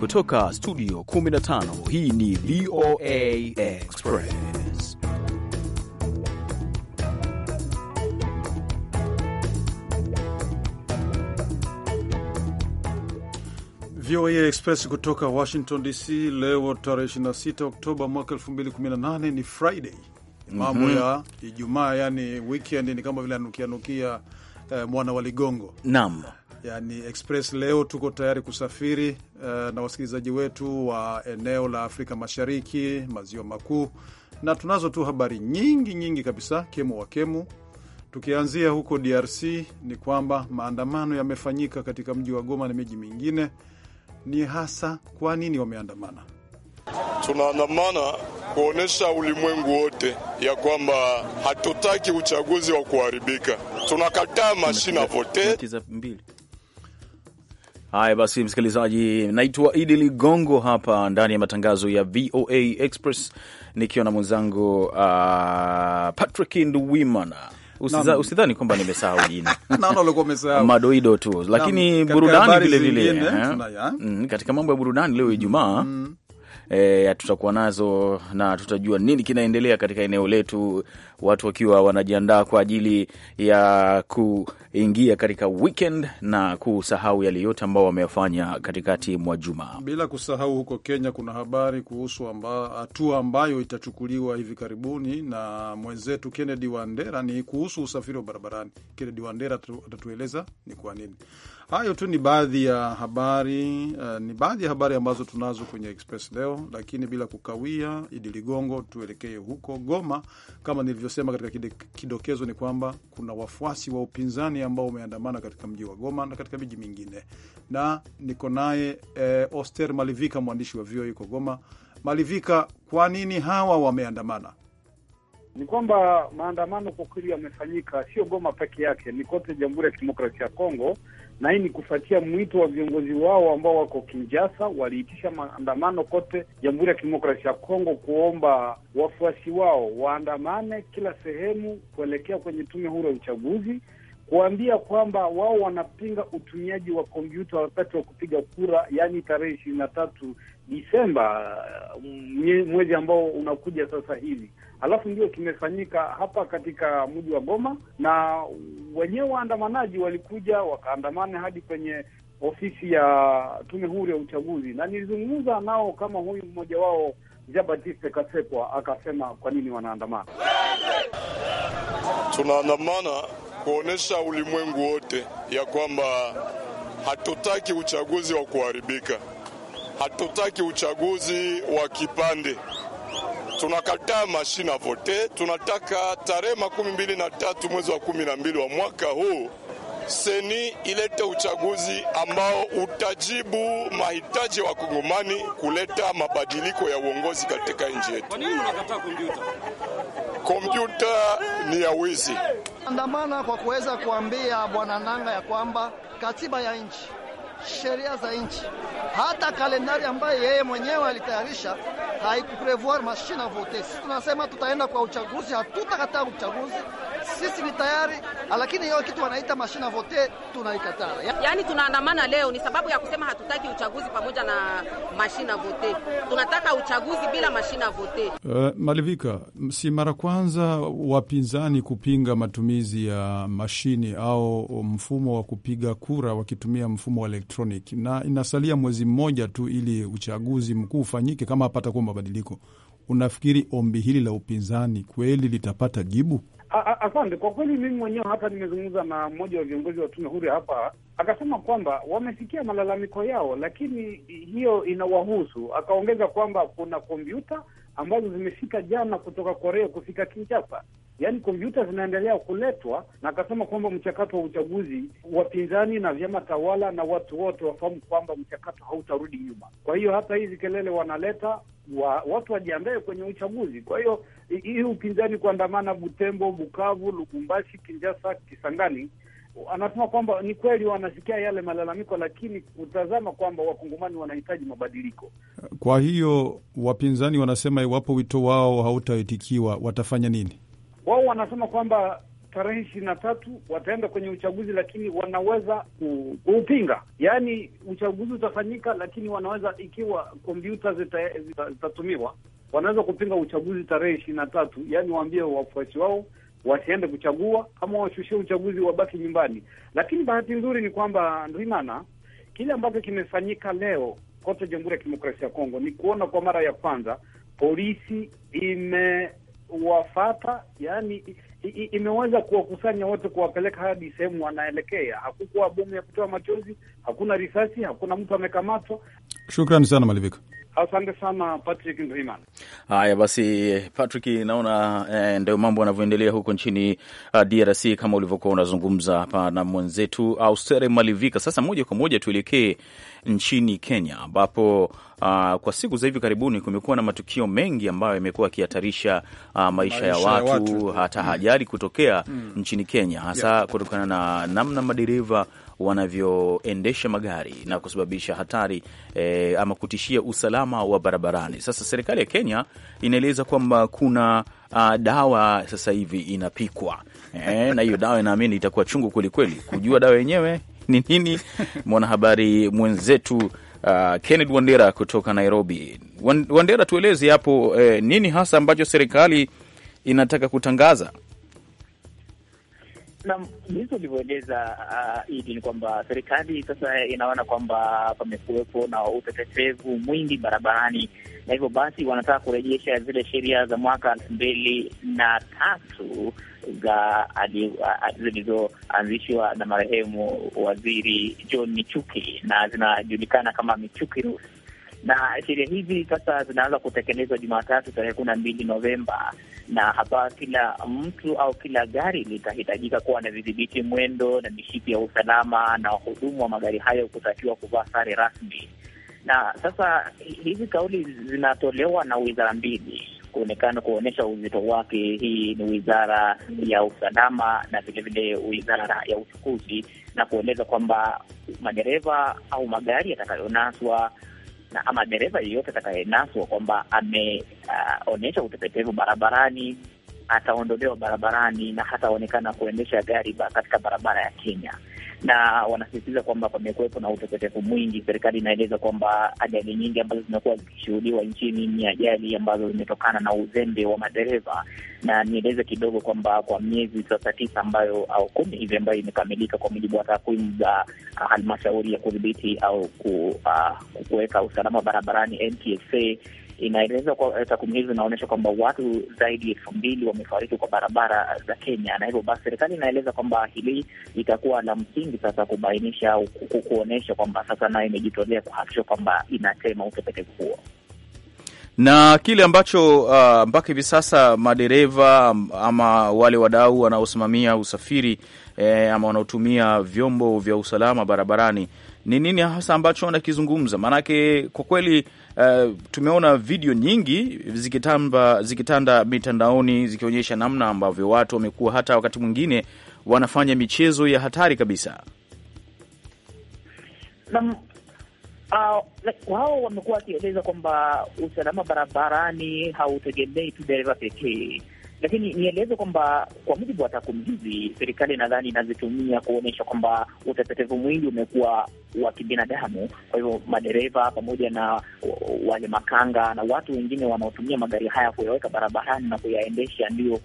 Kutoka studio 15 hii ni VOA Express. VOA Express kutoka Washington DC. Leo tarehe 26 Oktoba mwaka 2018 ni Friday, mambo mm -hmm. ya Ijumaa, yani weekend ni kama vile anukianukia eh, mwana wa ligongo. Naam yani Express leo tuko tayari kusafiri uh, na wasikilizaji wetu wa eneo la Afrika Mashariki, maziwa makuu, na tunazo tu habari nyingi nyingi kabisa, kemu wa kemu. Tukianzia huko DRC ni kwamba maandamano yamefanyika katika mji wa Goma na miji mingine. Ni hasa kwa nini wameandamana? Tunaandamana kuonyesha ulimwengu wote ya kwamba hatutaki uchaguzi wa kuharibika. Tunakataa mashina vote Haya basi, msikilizaji, naitwa Idi Ligongo hapa ndani ya matangazo ya VOA Express nikiwa na mwenzangu uh, Patrick Nduwimana. Usidhani kwamba nimesahau jina madoido tu, lakini burudani vilevile. Eh? Eh? Mm, katika mambo ya burudani leo Ijumaa mm e, tutakuwa nazo na tutajua nini kinaendelea katika eneo letu, watu wakiwa wanajiandaa kwa ajili ya kuingia katika weekend na kusahau yale yote ambao wameyafanya katikati mwa juma. Bila kusahau huko Kenya kuna habari kuhusu hatua amba, ambayo itachukuliwa hivi karibuni na mwenzetu Kennedy Wandera ni kuhusu usafiri wa barabarani. Kennedy Wandera atatueleza ni kwa nini Hayo tu ni baadhi ya habari uh, ni baadhi ya habari ambazo tunazo kwenye Express leo, lakini bila kukawia, Idi Ligongo, tuelekee huko Goma. Kama nilivyosema katika kidokezo, ni kwamba kuna wafuasi wa upinzani ambao wameandamana katika mji wa Goma na katika miji mingine, na niko naye eh, Oster Malivika, mwandishi wa VOA huko Goma. Malivika, kwa nini hawa wameandamana? Ni kwamba maandamano kwa kweli yamefanyika sio Goma peke yake, ni kote Jamhuri ya Kidemokrasia ya Kongo na hii ni kufuatia mwito wa viongozi wao ambao wako Kinjasa, waliitisha maandamano kote Jamhuri ya Kidemokrasia ya Kongo kuomba wafuasi wao waandamane kila sehemu kuelekea kwenye tume huru ya uchaguzi kuambia kwamba wao wanapinga utumiaji wa kompyuta wakati wa kupiga kura, yaani tarehe ishirini na tatu Disemba, mwezi ambao unakuja sasa hivi. Alafu ndio kimefanyika hapa katika mji wa Goma, na wenyewe waandamanaji walikuja wakaandamana hadi kwenye ofisi ya tume huru ya uchaguzi, na nilizungumza nao kama huyu mmoja wao Jean Baptiste Kasekwa akasema kwa nini wanaandamana. Tunaandamana kuonyesha ulimwengu wote ya kwamba hatutaki uchaguzi wa kuharibika hatutaki uchaguzi wa kipande. Tunakataa mashine vote. Tunataka tarehe makumi mbili na tatu mwezi wa kumi na mbili wa mwaka huu seni ilete uchaguzi ambao utajibu mahitaji ya wakongomani kuleta mabadiliko ya uongozi katika nchi yetu. Kwa nini mnakataa kompyuta? Kompyuta ni ya wizi. Andamana kwa kuweza kuambia bwana Nanga ya kwamba katiba ya nchi sheria za nchi. Hata kalendari ambayo yeye mwenyewe alitayarisha haikuprevoir mashina votesi. Tunasema tutaenda kwa uchaguzi, hatutakataa uchaguzi sisi ni tayari, lakini hiyo kitu wanaita mashina vote tunaikataa. Yaani tunaandamana leo ni sababu ya kusema hatutaki uchaguzi pamoja na mashina vote, tunataka uchaguzi bila mashina vote. Uh, eh, Malivika, si mara kwanza wapinzani kupinga matumizi ya mashini au mfumo wa kupiga kura wakitumia mfumo wa elektronik, na inasalia mwezi mmoja tu ili uchaguzi mkuu ufanyike, kama hapatakuwa mabadiliko. Unafikiri ombi hili la upinzani kweli litapata jibu? Asante. Kwa kweli mimi mwenyewe hapa nimezungumza na mmoja wa viongozi wa tume huru hapa, akasema kwamba wamesikia malalamiko yao, lakini hiyo inawahusu. Akaongeza kwamba kuna kompyuta ambazo zimefika jana kutoka Korea kufika Kinshasa. Yaani kompyuta zinaendelea kuletwa, na akasema kwamba mchakato wa uchaguzi, wapinzani na vyama tawala na watu wote wafahamu kwamba mchakato hautarudi nyuma. Kwa hiyo hata hizi kelele wanaleta wa, watu wajiandae kwenye uchaguzi. Kwa hiyo hii upinzani kuandamana Butembo, Bukavu, Lubumbashi, Kinshasa, Kisangani anasema kwamba ni kweli wanasikia yale malalamiko, lakini kutazama kwamba wakongomani wanahitaji mabadiliko. Kwa hiyo wapinzani wanasema iwapo wito wao hautaitikiwa watafanya nini? Wao wanasema kwamba tarehe ishirini na tatu wataenda kwenye uchaguzi, lakini wanaweza kuupinga, yaani uchaguzi utafanyika, lakini wanaweza, ikiwa kompyuta zitatumiwa, wanaweza kupinga uchaguzi tarehe ishirini na tatu, yaani waambie wafuasi wao wasiende kuchagua, kama washushie uchaguzi wabaki nyumbani. Lakini bahati nzuri ni kwamba Ndimana, kile ambacho kimefanyika leo kote Jamhuri ya Kidemokrasia ya Kongo ni kuona kwa mara ya kwanza polisi imewafata, yani imeweza kuwakusanya wote, kuwapeleka hadi sehemu wanaelekea. Hakukuwa bomu ya kutoa machozi, hakuna risasi, hakuna mtu amekamatwa. Shukrani sana Malivika. Asante sana Patrick Ndwimana. Haya basi, Patrick, naona eh, ndio mambo yanavyoendelea huko nchini uh, DRC kama ulivyokuwa unazungumza hapa na mwenzetu Austere Malivika. Sasa moja kwa moja tuelekee nchini Kenya ambapo uh, kwa siku za hivi karibuni kumekuwa na matukio mengi ambayo yamekuwa yakihatarisha uh, maisha ya watu, watu, hata hajari mm. kutokea mm, nchini Kenya hasa yeah, kutokana na namna madereva wanavyoendesha magari na kusababisha hatari eh, ama kutishia usalama wa barabarani. Sasa serikali ya Kenya inaeleza kwamba kuna uh, dawa sasa hivi inapikwa eh, na hiyo dawa inaamini itakuwa chungu kwelikweli. Kujua dawa yenyewe ni nini, mwanahabari mwenzetu Uh, Kenneth Wandera kutoka Nairobi. Wandera, tueleze hapo eh, nini hasa ambacho serikali inataka kutangaza? Naam, jinsi ulivyoeleza uh, Idi, ni kwamba serikali sasa inaona kwamba pamekuwepo na utetetevu mwingi barabarani, na hivyo basi wanataka kurejesha zile sheria za mwaka elfu mbili na tatu za uh, zilizoanzishwa na marehemu waziri John Michuki na zinajulikana kama Michuki Rules na sheria hizi sasa zinaanza kutekelezwa Jumatatu tarehe kumi na mbili Novemba, na hapa kila mtu au kila gari litahitajika kuwa na vidhibiti mwendo na mishipi ya usalama, na wahudumu wa magari hayo kutakiwa kuvaa sare rasmi. Na sasa hizi kauli zinatolewa na wizara mbili kuonekana kuonyesha uzito wake. Hii ni wizara ya usalama na vilevile wizara ya uchukuzi, na kueleza kwamba madereva au magari yatakayonaswa na ama dereva yeyote atakayenaswa kwamba ameonyesha uh, utepetevu barabarani ataondolewa barabarani na hataonekana kuendesha gari katika barabara ya Kenya na wanasisitiza kwamba pamekuwepo na utepetevu mwingi. Serikali inaeleza kwamba ajali nyingi ambazo zimekuwa zikishuhudiwa nchini ni ajali ambazo zimetokana na uzembe wa madereva, na nieleze kidogo kwamba kwa miezi sasa tisa ambayo au kumi hivi ambayo imekamilika kwa mujibu wa takwimu za uh, halmashauri ya kudhibiti au uh, kuweka uh, usalama barabarani NTSA Inaeleza kwa eh, takwimu hizo zinaonyesha kwamba watu zaidi ya elfu mbili wamefariki kwa barabara za Kenya, na hivyo basi serikali inaeleza kwamba hili itakuwa la msingi sasa kubainisha au kuonyesha kwamba sasa nayo imejitolea kuhakikisha kwamba inatema utepetevu huo na kile ambacho uh, mpaka hivi sasa madereva ama wale wadau wanaosimamia usafiri eh, ama wanaotumia vyombo vya usalama barabarani ni nini hasa ambacho wanakizungumza? Maanake kwa kweli Eh, tumeona video nyingi zikitamba, zikitanda mitandaoni zikionyesha namna ambavyo watu wamekuwa hata wakati mwingine wanafanya michezo ya hatari kabisa ah, na uh, like, wamekuwa wakieleza kwamba usalama barabarani hautegemei tu dereva pekee lakini nieleze kwamba kwa mujibu wa takwimu hizi, serikali nadhani inazitumia kuonyesha kwamba utepetevu mwingi umekuwa wa kibinadamu. Kwa hivyo madereva pamoja na wale makanga na watu wengine wanaotumia magari haya kuyaweka barabarani na kuyaendesha ndio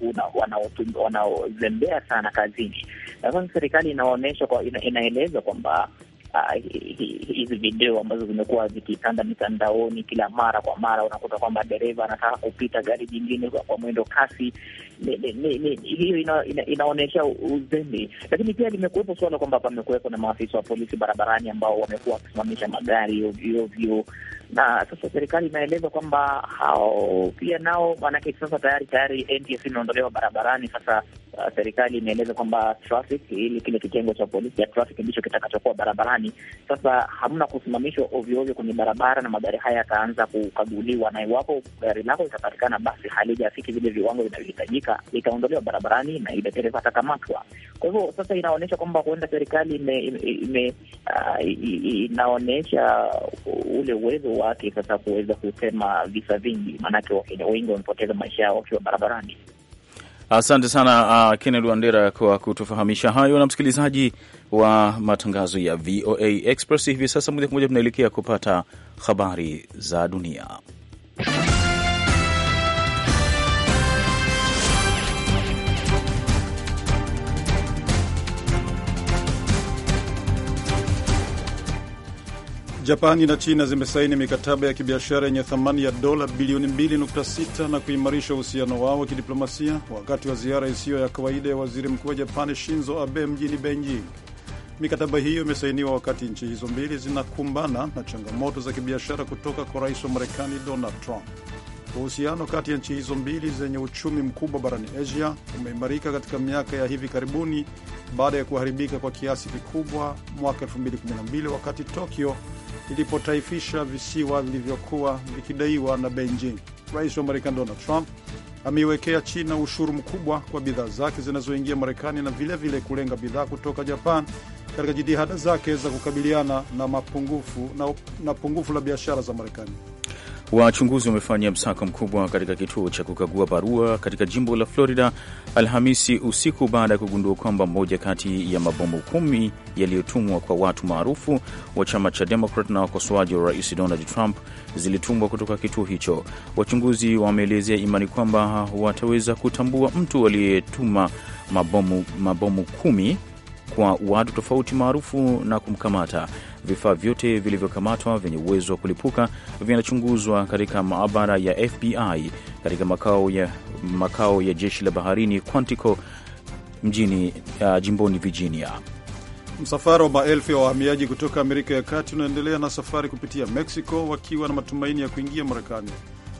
wanaozembea sana kazini. Nadhani serikali inaonyesha kwa, ina, inaeleza kwamba uh, hizi video ambazo zimekuwa zikitanda mitandaoni kila mara kwa mara, unakuta kwamba dereva anataka kupita gari jingine kwa mwendo kasi. Hiyo ina, ina, inaonyesha uzembe, lakini pia limekuwepo suala kwamba pamekuwepo na maafisa wa polisi barabarani ambao wamekuwa wakisimamisha magari ovyoovyo, na sasa serikali inaeleza kwamba hao pia nao, maanake sasa tayari tayari NTSA imeondolewa barabarani sasa uh, serikali imeeleza kwamba traffic, ili kile kitengo cha polisi ya traffic ndicho kitakachokuwa barabarani. Sasa hamna kusimamishwa ovyoovyo kwenye barabara, na magari haya yataanza kukaguliwa, na iwapo gari lako litapatikana basi halijafiki vile viwango vinavyohitajika, litaondolewa barabarani na ile dereva atakamatwa. Kwa hivyo sasa inaonyesha kwamba huenda serikali ime, ime, uh, inaonyesha ule uwezo wake sasa kuweza kusema visa vingi, maanake Wakenya wengi wamepoteza maisha yao wakiwa barabarani. Asante sana uh, Kennedy Wandera kwa kutufahamisha hayo. Na msikilizaji wa matangazo ya VOA Express, hivi sasa moja kwa moja tunaelekea kupata habari za dunia. Japani na China zimesaini mikataba ya kibiashara yenye thamani ya dola bilioni 2.6 na kuimarisha uhusiano wao wa kidiplomasia wakati wa ziara isiyo ya kawaida ya waziri mkuu wa Japani Shinzo Abe mjini Beijing. Mikataba hiyo imesainiwa wakati nchi hizo mbili zinakumbana na changamoto za kibiashara kutoka kwa rais wa Marekani Donald Trump. Uhusiano kati ya nchi hizo mbili zenye uchumi mkubwa barani Asia umeimarika katika miaka ya hivi karibuni baada ya kuharibika kwa kiasi kikubwa mwaka 2012 wakati Tokyo ilipotaifisha visiwa vilivyokuwa vikidaiwa na Beijing. Rais wa Marekani Donald Trump ameiwekea China ushuru mkubwa kwa bidhaa zake zinazoingia Marekani na vilevile vile kulenga bidhaa kutoka Japan katika jitihada zake za kukabiliana na mapungufu na, na pungufu la biashara za Marekani. Wachunguzi wamefanya msako mkubwa katika kituo cha kukagua barua katika jimbo la Florida Alhamisi usiku baada ya kugundua kwamba moja kati ya mabomu kumi yaliyotumwa kwa watu maarufu wa chama cha Demokrat na wakosoaji wa rais Donald Trump zilitumwa kutoka kituo hicho. Wachunguzi wameelezea imani kwamba wataweza kutambua mtu aliyetuma mabomu, mabomu kumi kwa watu tofauti maarufu na kumkamata. Vifaa vyote vilivyokamatwa vyenye uwezo wa kulipuka vinachunguzwa katika maabara ya FBI katika makao ya, makao ya jeshi la baharini Quantico mjini uh, jimboni Virginia. Msafara wa maelfu ya wahamiaji kutoka Amerika ya Kati unaendelea na safari kupitia Mexico wakiwa na matumaini ya kuingia Marekani.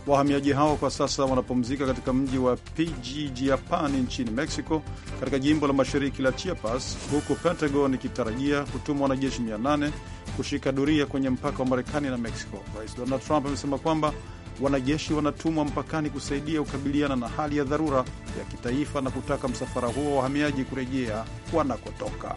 Wahamiaji hao kwa sasa wanapumzika katika mji wa Pijijiapan nchini Mexico, katika jimbo la mashariki la Chiapas, huku Pentagon ikitarajia kutuma wanajeshi 800 kushika doria kwenye mpaka wa Marekani na Mexico. Rais Donald Trump amesema kwamba wanajeshi wanatumwa mpakani kusaidia kukabiliana na hali ya dharura ya kitaifa na kutaka msafara huo wa wahamiaji kurejea wanakotoka.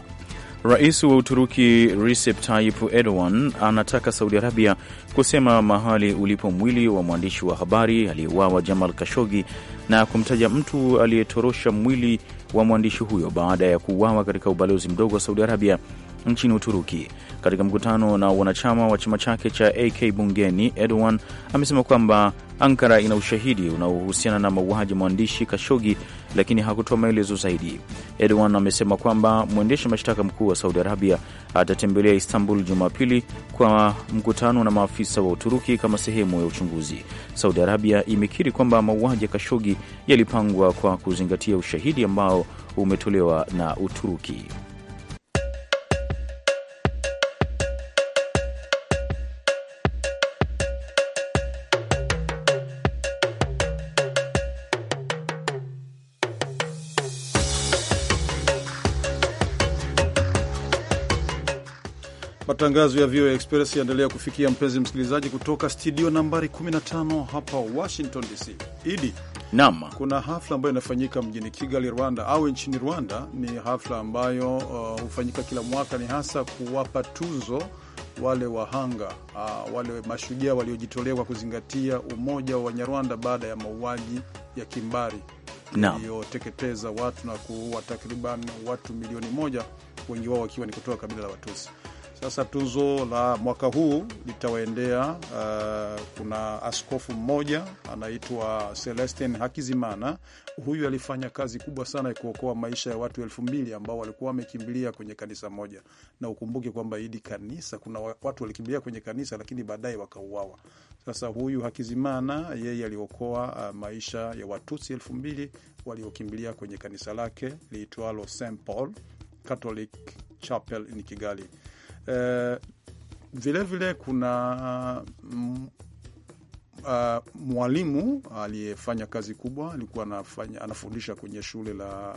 Rais wa Uturuki Recep Tayyip Erdogan anataka Saudi Arabia kusema mahali ulipo mwili wa mwandishi wa habari aliyeuawa Jamal Kashogi na kumtaja mtu aliyetorosha mwili wa mwandishi huyo baada ya kuuawa katika ubalozi mdogo wa Saudi Arabia nchini Uturuki. Katika mkutano na wanachama wa chama chake cha AK bungeni, Erdogan amesema kwamba Ankara ina ushahidi unaohusiana na mauaji mwandishi Kashogi, lakini hakutoa maelezo zaidi. Erdogan amesema kwamba mwendesha mashtaka mkuu wa Saudi Arabia atatembelea Istanbul Jumapili kwa mkutano na maafisa wa Uturuki kama sehemu ya uchunguzi. Saudi Arabia imekiri kwamba mauaji ya Kashogi yalipangwa kwa kuzingatia ushahidi ambao umetolewa na Uturuki. Matangazo ya VOA Express yaendelea kufikia mpenzi msikilizaji, kutoka studio nambari 15 hapa Washington DC. Idi nam, Kuna hafla ambayo inafanyika mjini Kigali, Rwanda au nchini Rwanda. Ni hafla ambayo uh, hufanyika kila mwaka, ni hasa kuwapa tuzo wale wahanga uh, wale mashujaa waliojitolea kwa kuzingatia umoja wa Wanyarwanda baada ya mauaji ya kimbari iliyoteketeza watu na kuua takriban watu milioni moja, wengi wao wakiwa ni kutoka kabila la Watusi. Sasa tuzo la mwaka huu litawaendea uh, kuna askofu mmoja anaitwa Celestin Hakizimana. Huyu alifanya kazi kubwa sana ya kuokoa maisha ya watu elfu mbili ambao walikuwa wamekimbilia kwenye kanisa moja, na ukumbuke kwamba hili kanisa kuna watu walikimbilia kwenye kanisa, lakini baadaye wakauawa. Sasa huyu Hakizimana yeye aliokoa uh, maisha ya Watusi elfu mbili waliokimbilia kwenye kanisa lake liitwalo St Paul Catholic Chapel in Kigali. Vilevile eh, vile kuna Uh, mwalimu aliyefanya kazi kubwa alikuwa anafanya, anafundisha kwenye shule la,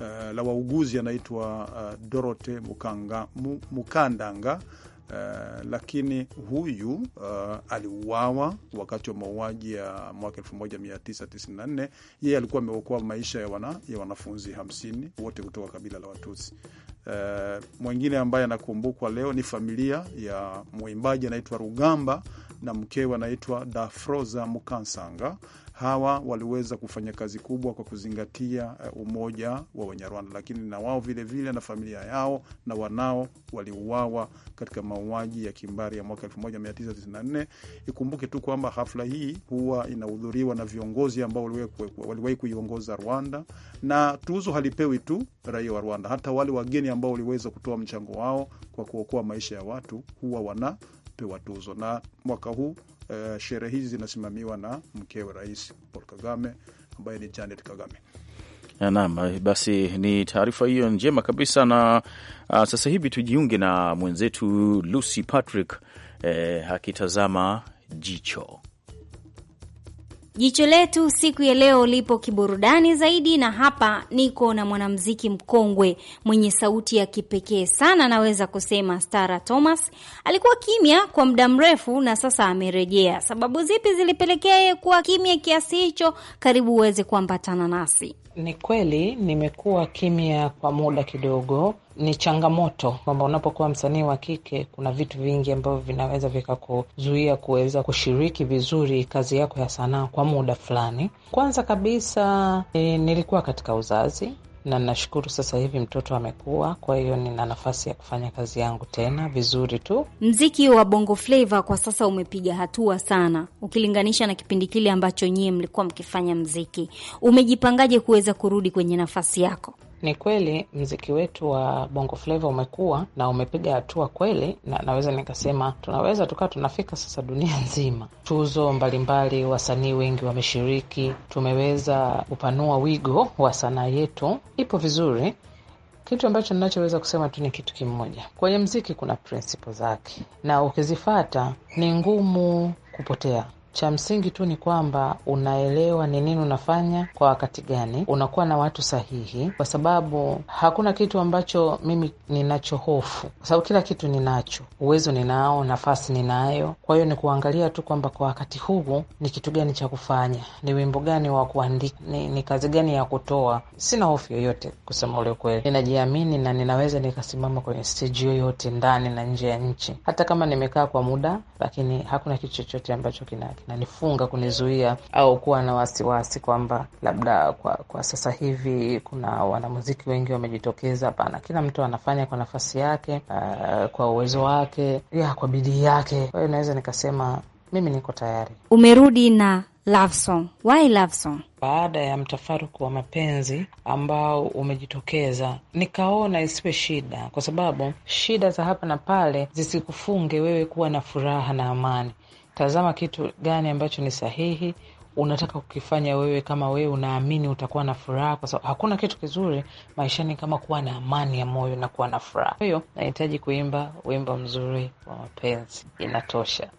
uh, la wauguzi anaitwa uh, ah, Dorote Mukanga, Mukandanga Eh, lakini huyu uh, aliuawa wakati wa mauaji ya mwaka nne. Yeye alikuwa ameokoa maisha ya, wana, ya wanafunzi hamsini wote kutoka kabila la Watusi. Uh, eh, mwingine ambaye anakumbukwa leo ni familia ya mwimbaji anaitwa Rugamba na mkewe anaitwa Dafroza Mukansanga hawa waliweza kufanya kazi kubwa kwa kuzingatia eh, umoja wa Wanyarwanda, lakini na wao vilevile na familia yao na wanao waliuawa katika mauaji ya kimbari ya mwaka 1994. Ikumbuke tu kwamba hafla hii huwa inahudhuriwa na viongozi ambao waliwahi kuiongoza Rwanda, na tuzo halipewi tu raia wa Rwanda, hata wale wageni ambao waliweza kutoa mchango wao kwa kuokoa maisha ya watu huwa wanapewa tuzo, na mwaka huu Eh, sherehe hizi zinasimamiwa na mkewe Rais Paul Kagame ambaye ni Janet Kagame. Eh, naam, eh, basi ni taarifa hiyo njema kabisa na a, ah, sasa hivi tujiunge na mwenzetu Lucy Patrick e, akitazama jicho Jicho letu siku ya leo lipo kiburudani zaidi, na hapa niko na mwanamuziki mkongwe mwenye sauti ya kipekee sana, naweza kusema Stara Thomas. Alikuwa kimya kwa muda mrefu na sasa amerejea. Sababu zipi zilipelekea yeye kuwa kimya kiasi hicho? Karibu uweze kuambatana nasi. Ni kweli nimekuwa kimya kwa muda kidogo. Ni changamoto kwamba unapokuwa msanii wa kike, kuna vitu vingi ambavyo vinaweza vikakuzuia kuweza kushiriki vizuri kazi yako ya sanaa kwa muda fulani. Kwanza kabisa, e, nilikuwa katika uzazi na nashukuru sasa hivi mtoto amekuwa, kwa hiyo nina nafasi ya kufanya kazi yangu tena vizuri tu. Mziki wa Bongo Flava kwa sasa umepiga hatua sana ukilinganisha na kipindi kile ambacho nyie mlikuwa mkifanya mziki. Umejipangaje kuweza kurudi kwenye nafasi yako? Ni kweli mziki wetu wa bongo fleva umekuwa na umepiga hatua kweli, na naweza nikasema tunaweza tukawa tunafika sasa dunia nzima. Tuzo mbalimbali, wasanii wengi wameshiriki, tumeweza kupanua wigo wa sanaa yetu, ipo vizuri. Kitu ambacho ninachoweza kusema tu ni kitu kimoja, kwenye mziki kuna prinsipo zake, na ukizifata ni ngumu kupotea. Cha msingi tu ni kwamba unaelewa ni nini unafanya kwa wakati gani, unakuwa na watu sahihi, kwa sababu hakuna kitu ambacho mimi ninacho hofu, kwa sababu kila kitu ninacho, uwezo ninao, nafasi ninayo. Kwa hiyo ni kuangalia tu kwamba kwa wakati huu ni kitu gani cha kufanya, ni wimbo gani wa kuandika, ni, ni kazi gani ya kutoa. Sina hofu yoyote, kusema ule kweli, ninajiamini na ninaweza nikasimama kwenye steji yoyote ndani na nje ya nchi, hata kama nimekaa kwa muda, lakini hakuna kitu chochote ambacho kina nanifunga kunizuia au kuwa na wasiwasi kwamba labda kwa, kwa sasa hivi kuna wanamuziki wengi wamejitokeza. Hapana, kila mtu anafanya kwa nafasi yake, uh, kwa uwezo wake ya, kwa bidii yake. Kwa hiyo naweza nikasema mimi niko tayari. Umerudi na love song. Why love song? Baada ya mtafaruku wa mapenzi ambao umejitokeza, nikaona isiwe shida, kwa sababu shida za hapa na pale zisikufunge wewe kuwa na furaha na amani tazama kitu gani ambacho ni sahihi unataka kukifanya wewe kama wewe unaamini utakuwa na furaha, kwa sababu hakuna kitu kizuri maishani kama kuwa na amani ya moyo na kuwa na furaha. Kwa hiyo nahitaji kuimba wimbo mzuri wa mapenzi, inatosha.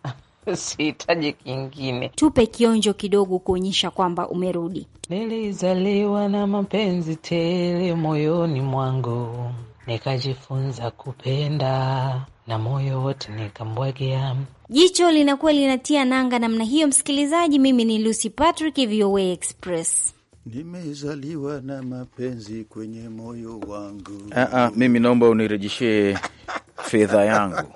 Sihitaji kingine. Tupe kionjo kidogo kuonyesha kwamba umerudi. Nilizaliwa na mapenzi tele moyoni mwangu, nikajifunza kupenda na moyo wote nikambwagia. Jicho linakuwa linatia nanga namna hiyo, msikilizaji. Mimi ni Lucy Patrick, VOA Express. Nimezaliwa na mapenzi kwenye moyo wangu. -uh, mimi naomba unirejeshee fedha yangu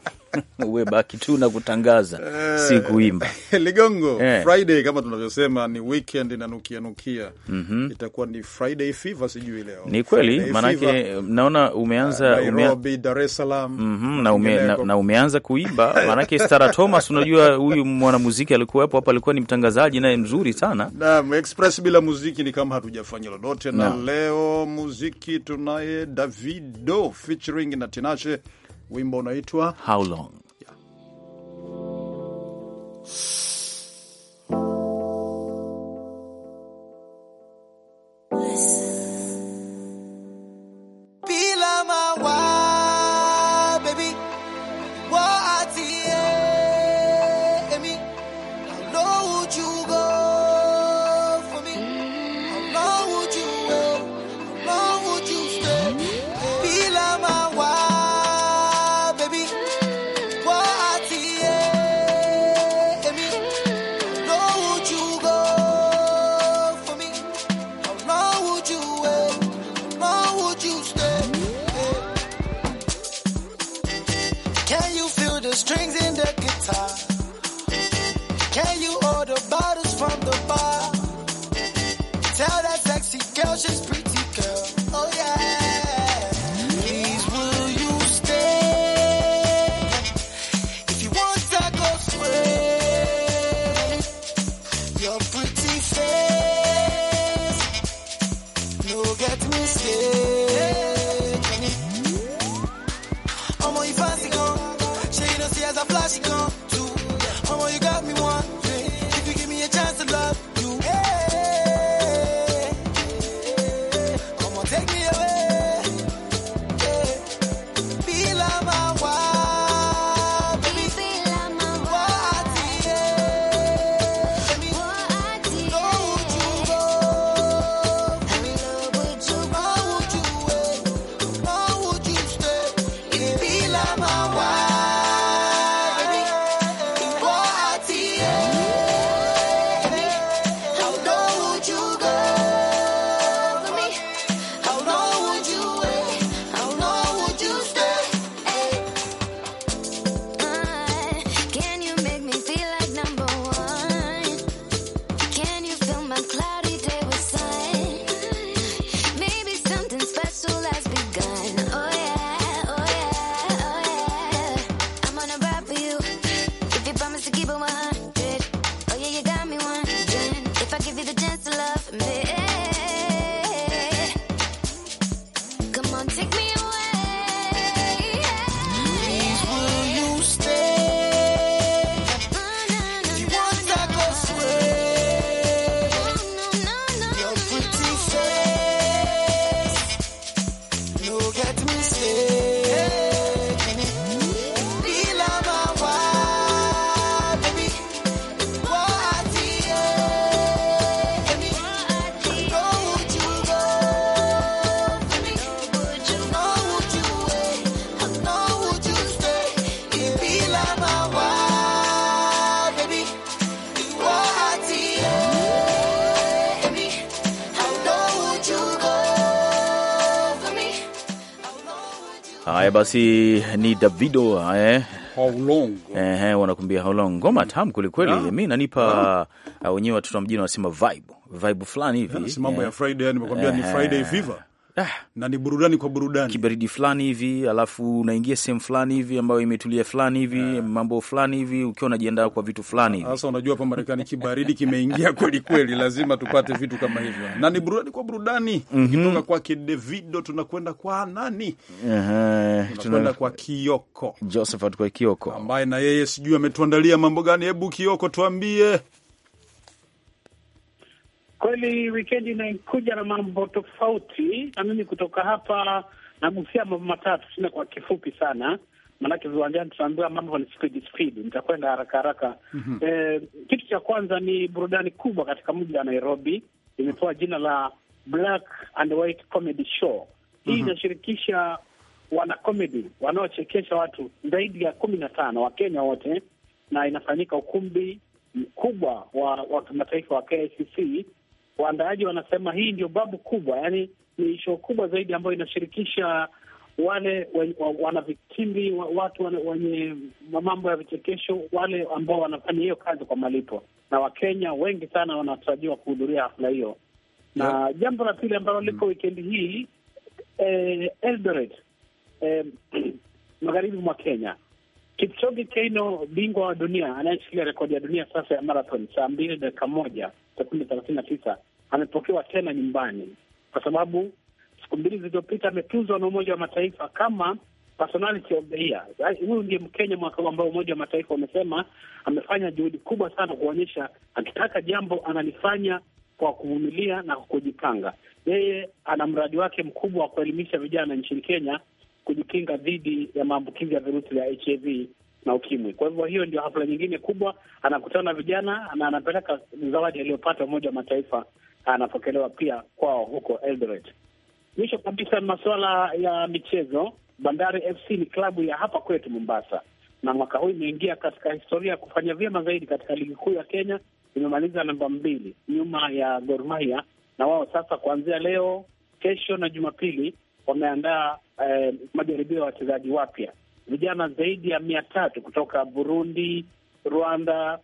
uwe baki tu na kutangaza si kuimba eh, Ligongo eh. Friday kama tunavyosema ni weekend inanukia nukia, nukia. mm -hmm. Itakuwa ni Friday fever, sijui leo ni kweli, maanake naona umeanza eh, Nairobi, umea... Dar es Salaam mm -hmm. na, ume, na, na umeanza kuimba maanake Stara Thomas, unajua huyu mwanamuziki alikuwepo hapa, alikuwa ni mtangazaji naye mzuri sana. na, Express bila muziki ni kama hatujafanya lolote, na. na leo muziki tunaye Davido featuring na Tinashe wimbo unaitwa How Long, yeah. Can you feel the strings in the guitar? Can you basi ni Davido eh, eh, wanakuambia how long, ngoma tamu kwelikweli. Yeah. Mi nanipa uh, wenyewe watoto wa mjini wanasema vibe vibe fulani hivi, yeah, si mambo yeah. ya eh. Friday, nimekwambia ni Friday fever Ah, na ni burudani kwa burudani, kibaridi fulani hivi, alafu unaingia sehemu fulani hivi ambayo imetulia fulani hivi yeah, mambo fulani hivi, ukiwa unajiandaa kwa vitu fulani hivi. Sasa unajua hapa Marekani kibaridi kimeingia kweli kweli, lazima tupate vitu kama hivyo, na ni burudani kwa burudani mm -hmm. kutoka kwake Davido tunakwenda kwa nani? uh -huh. Tunakwenda kwa Kioko Josephat, kwa Kioko ambaye na yeye sijui ametuandalia mambo gani. Hebu Kioko tuambie. Kweli wikendi inakuja na mambo tofauti, na mimi kutoka hapa nagusia mambo matatu sina kwa kifupi sana, maanake viwanjani tunaambiwa mambo ni spidi spidi, nitakwenda haraka haraka. mm -hmm. Eh, kitu cha kwanza ni burudani kubwa katika mji wa Nairobi imepewa jina la Black and White Comedy Show. Hii mm -hmm. inashirikisha comedy wanaochekesha watu zaidi ya kumi na tano wa kenya wote, na inafanyika ukumbi mkubwa wa wa kimataifa wa KICC waandaaji wanasema hii ndio babu kubwa, yani ni show kubwa zaidi ambayo inashirikisha wale wana vitimbi, watu wenye mambo ya vichekesho, wale ambao wanafanya hiyo kazi kwa malipo, na Wakenya wengi sana wanatarajiwa kuhudhuria hafla hiyo. Na jambo la pili ambalo liko mm. wikendi hii eh, Eldoret eh, magharibi mwa Kenya, Kipchoge Keino, bingwa wa dunia anayeshikilia rekodi ya dunia sasa ya marathon saa mbili dakika moja sekunde thelathini na tisa amepokewa tena nyumbani, kwa sababu siku mbili zilizopita ametuzwa na Umoja wa Mataifa kama personality of the year. Yaani, huyu ndiye Mkenya mwaka huu ambao Umoja wa Mataifa umesema amefanya juhudi kubwa sana kuonyesha akitaka jambo analifanya kwa kuvumilia na kujipanga. Yeye ana mradi wake mkubwa wa kuelimisha vijana nchini Kenya kujikinga dhidi ya maambukizi ya virusi vya HIV na ukimwi. Kwa hivyo hiyo ndio hafla nyingine kubwa, anakutana na vijana na anapeleka zawadi aliyopata Umoja wa Mataifa, anapokelewa pia kwao huko Eldoret. Mwisho kabisa, masuala ya michezo, Bandari FC ni klabu ya hapa kwetu Mombasa, na mwaka huu imeingia katika historia ya kufanya vyema zaidi katika ligi kuu ya Kenya. Imemaliza namba mbili nyuma ya Gor Mahia, na wao sasa kuanzia leo, kesho na Jumapili wameandaa eh, majaribio ya wachezaji wapya vijana zaidi ya mia tatu kutoka Burundi, Rwanda,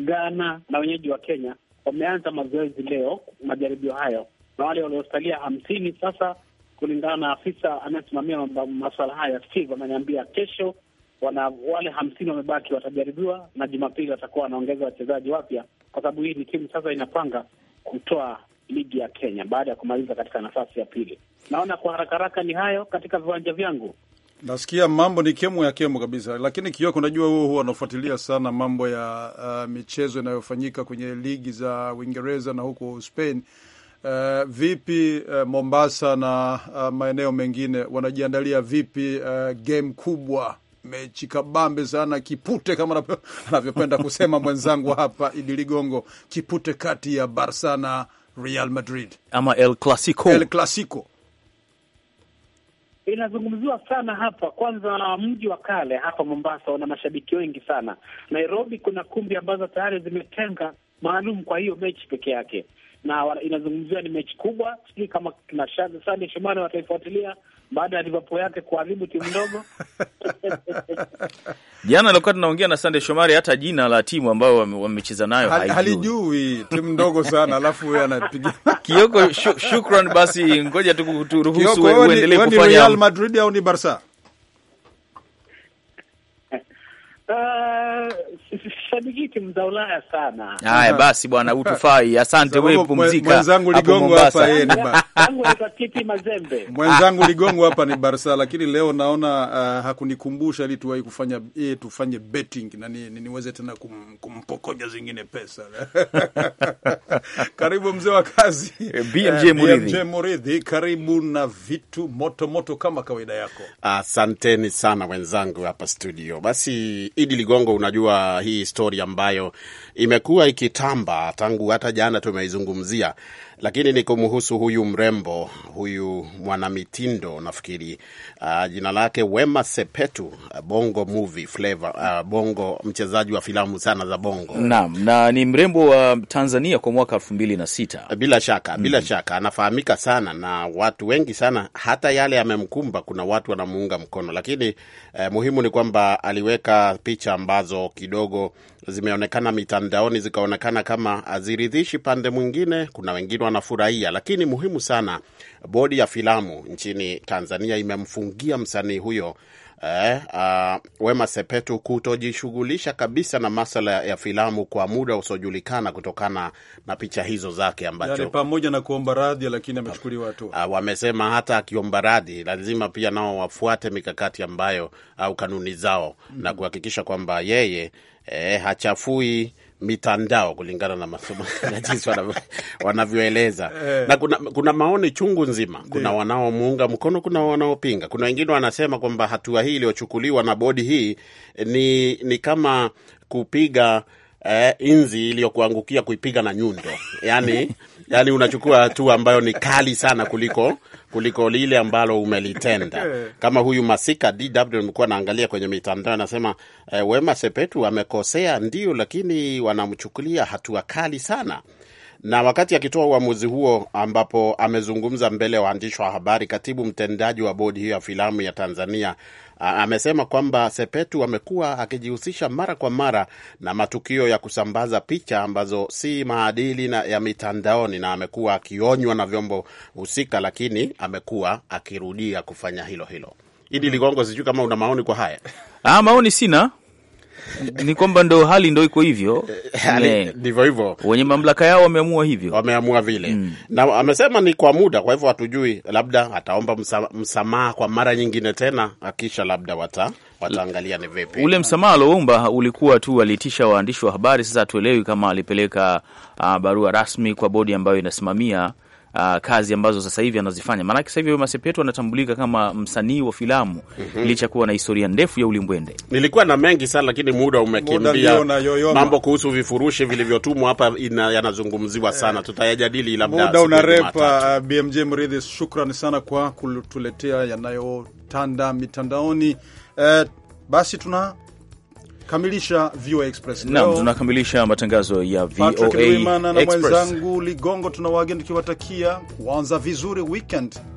Ghana na wenyeji wa Kenya wameanza mazoezi leo, majaribio hayo, na wale waliosalia hamsini sasa, kulingana na afisa anayesimamia maswala haya Steve ameniambia, kesho wana wale hamsini wamebaki watajaribiwa, na Jumapili watakuwa wanaongeza wachezaji wapya, kwa sababu hii ni timu sasa inapanga kutoa ligi ya Kenya baada ya kumaliza katika nafasi ya pili. Naona kwa haraka haraka ni hayo katika viwanja vyangu. Nasikia mambo ni kemo ya kemo kabisa, lakini Kioko, unajua huo huwa anafuatilia sana mambo ya uh, michezo inayofanyika kwenye ligi za Uingereza na huko Spain. Uh, vipi uh, Mombasa na uh, maeneo mengine wanajiandalia vipi uh, game kubwa, mechi kabambe sana, kipute kama anavyopenda kusema mwenzangu hapa Idi Ligongo, kipute kati ya Barca na Real Madrid ama El Clasico. El Clasico inazungumziwa eh, sana hapa. Kwanza mji wa kale hapa Mombasa wana mashabiki wengi sana. Nairobi kuna kumbi ambazo tayari zimetenga maalum kwa hiyo mechi peke yake na inazungumziwa ni mechi kubwa. Sijui kama kina Sande Shomari wataifuatilia baada ya Liverpool yake kuadhibu timu ndogo jana. Alikuwa tunaongea na Sande Shomari, hata jina la timu ambayo wamecheza nayo halijui, timu ndogo sana alafu anapiga Kioko. Shukran, basi ngoja turuhusu uendelee kufanya. Real Madrid au ni Barca? Uh, shabiki timu Ulaya sana. Haya basi bwana, utufai. Asante wewe, pumzika. Mwenzangu Ligongo hapa yeye ni Mazembe. Mwenzangu Ligongo hapa ni Barsa, lakini leo naona uh, hakunikumbusha ili tuwahi kufanya e, tufanye betting na ni, niweze tena kum, kumpokonya zingine pesa. Karibu mzee wa kazi eh, BMJ eh, Muridhi. BMJ Muridhi, karibu na vitu moto moto kama kawaida yako. Asanteni sana wenzangu hapa studio. Basi Idi Ligongo, unajua hii story ambayo imekuwa ikitamba tangu hata jana tumeizungumzia lakini ni kumhusu huyu mrembo huyu mwanamitindo nafikiri, uh, jina lake Wema Sepetu, uh, bongo movie flavor, uh, bongo mchezaji wa filamu sana za bongo. Naam, na ni mrembo wa Tanzania kwa mwaka elfu mbili na sita. Bila shaka mm. bila mm, shaka anafahamika sana na watu wengi sana, hata yale yamemkumba, kuna watu wanamuunga mkono, lakini uh, muhimu ni kwamba aliweka picha ambazo kidogo zimeonekana mitandaoni zikaonekana kama haziridhishi pande mwingine. Kuna wengine wanafurahia, lakini muhimu sana, bodi ya filamu nchini Tanzania imemfungia msanii huyo eh, uh, Wema Sepetu kutojishughulisha kabisa na masala ya filamu kwa muda usiojulikana kutokana na picha hizo zake ambacho pamoja na kuomba radhi, lakini amechukuliwa hatua uh, wamesema hata akiomba radhi lazima pia nao wafuate mikakati ambayo au kanuni zao mm -hmm. na mm-hmm. kuhakikisha kwamba yeye eh, hachafui mitandao kulingana na masomo jinsi wanavyoeleza eh. na kuna, kuna maoni chungu nzima. Kuna wanaomuunga mkono, kuna wanaopinga, kuna wengine wanasema kwamba hatua hii iliyochukuliwa na bodi hii eh, ni, ni kama kupiga eh, inzi iliyokuangukia kuipiga na nyundo yani yani unachukua hatua ambayo ni kali sana kuliko kuliko lile ambalo umelitenda. Eh. Kama huyu Masika DW mkuwa naangalia kwenye mitandao, anasema e, Wema Sepetu amekosea ndio, lakini wanamchukulia hatua kali sana na wakati akitoa uamuzi huo, ambapo amezungumza mbele ya waandishi wa habari, katibu mtendaji wa bodi hiyo ya filamu ya Tanzania amesema kwamba Sepetu amekuwa akijihusisha mara kwa mara na matukio ya kusambaza picha ambazo si maadili na ya mitandaoni, na amekuwa akionywa na vyombo husika, lakini amekuwa akirudia kufanya hilo hilo. Idi mm. Ligongo, sijui kama una maoni kwa haya. Ah, maoni sina ni kwamba ndo hali ndo iko hivyo, ndivyo hivyo, wenye mamlaka yao wameamua hivyo, wameamua vile mm. Na amesema ni kwa muda, kwa hivyo hatujui, labda ataomba msamaha kwa mara nyingine tena, akisha labda wata wataangalia ni vipi. Ule msamaha alioomba ulikuwa tu, aliitisha waandishi wa habari. Sasa hatuelewi kama alipeleka uh, barua rasmi kwa bodi ambayo inasimamia uh, kazi ambazo sasa hivi anazifanya. Maanake sasa hivi Wema Sepetu anatambulika kama msanii wa filamu mm -hmm. licha kuwa na historia ndefu ya ulimbwende. Nilikuwa na mengi sana, lakini muda umekimbia. Mambo kuhusu vifurushi vilivyotumwa hapa yanazungumziwa eh. sana eh, tutayajadili ila muda unarepa. BMJ Mridhi, shukrani sana kwa kutuletea yanayotanda mitandaoni. Uh, basi tuna kamilisha VOA Express. Naam, tunakamilisha matangazo ya VOA Express na mwenzangu Ligongo, tunawaageni tukiwatakia kuanza vizuri weekend.